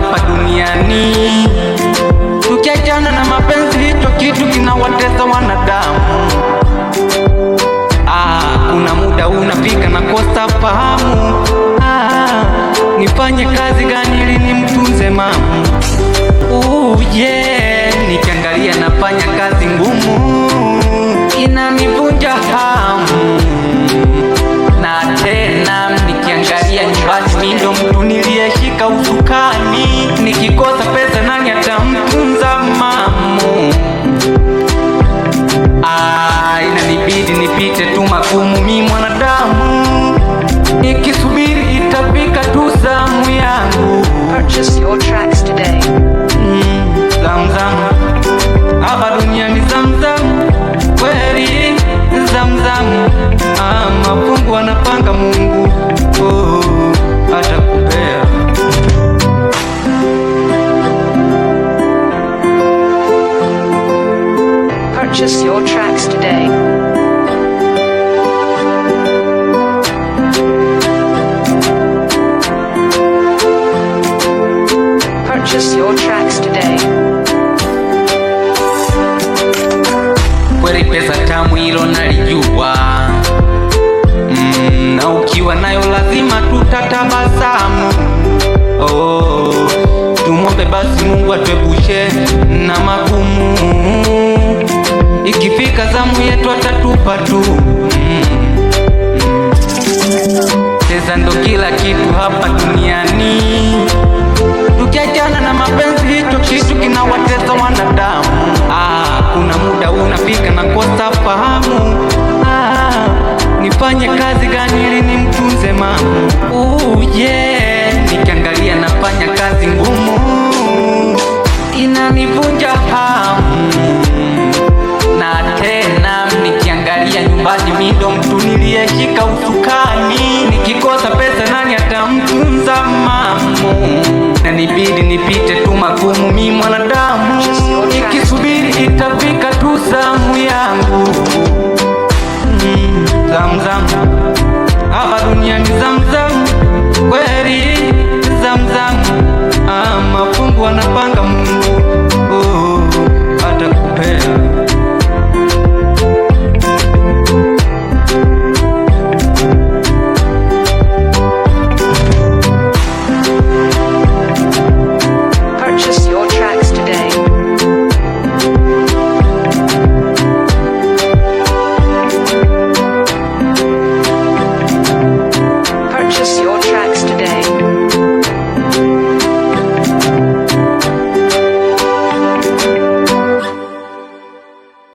hapa duniani. Tukiachana na mapenzi, hicho kitu kinawatesa wanadamu. Ah, kuna muda unapika na kosa fahamu. Ah, nifanye kazi gani ili nimtunze mamu Oh, yeah. ya usukani, nikikosa pesa nani atamtunza mamu? Ah, inanibidi nipite tu magumu mi mwanadamu, nikisubiri itafika tu zamu yangu. Purchase your tracks today. Mm, kweli zamzam. Ah, mafungu Mungu oh, atakupenda purchase your tracks today. Purchase your tracks today. Kweli pesa tamu hilo nalijua, mm, na ukiwa nayo lazima tutatabasamu. Oh, tumwombe basi Mungu atuepushe na magumu Ikifika zamu yetu atatupa tu mm. cheza, ndo kila kitu hapa duniani. Tukiachana na mapenzi, hicho kitu kinawateza wanadamu. Ah, kuna muda unafika na kosa fahamu. Ah, nifanye kazi gani ili nimtunze mama? Oh, yeah. Mchungaji Mido, mtu niliyeshika usukani, nikikosa pesa nani atamtunza mamu? Na nibidi nipite tu magumu mi mwanadamu, ikisubiri itafika tu zamu yangu. Mm, zamu zamu, hapa duniani zamu zamu